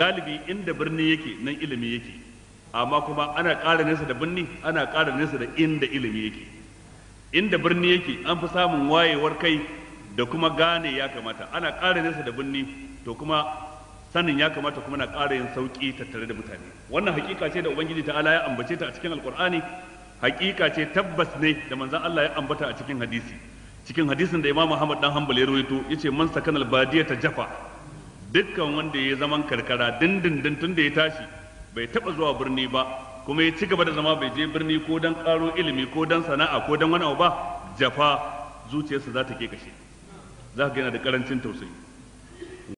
galibi inda birni yake nan ilimi yake amma kuma ana ƙara nesa da birni ana ƙara nesa da inda ilimi yake inda birni yake an fi samun wayewar kai da kuma gane ya kamata ana ƙara nesa da birni to kuma sanin ya kamata kuma na ƙara yin sauƙi tattare da mutane wannan hakika ce da ubangiji ta ala ya ambace ta a cikin alkur'ani hakika ce tabbas ne da manzon Allah ya ambata a cikin hadisi cikin hadisin da imam muhammad dan Hanbal ya rawaito yace man sakanal ta jafa dukkan wanda ya zaman karkara dindindin tun da ya tashi bai taba zuwa birni ba kuma ya ci gaba da zama bai je birni ko dan karo ilimi ko dan sana'a ko dan wani abu ba jafa zuciyarsa za ta ke kashe za ka yana da karancin tausayi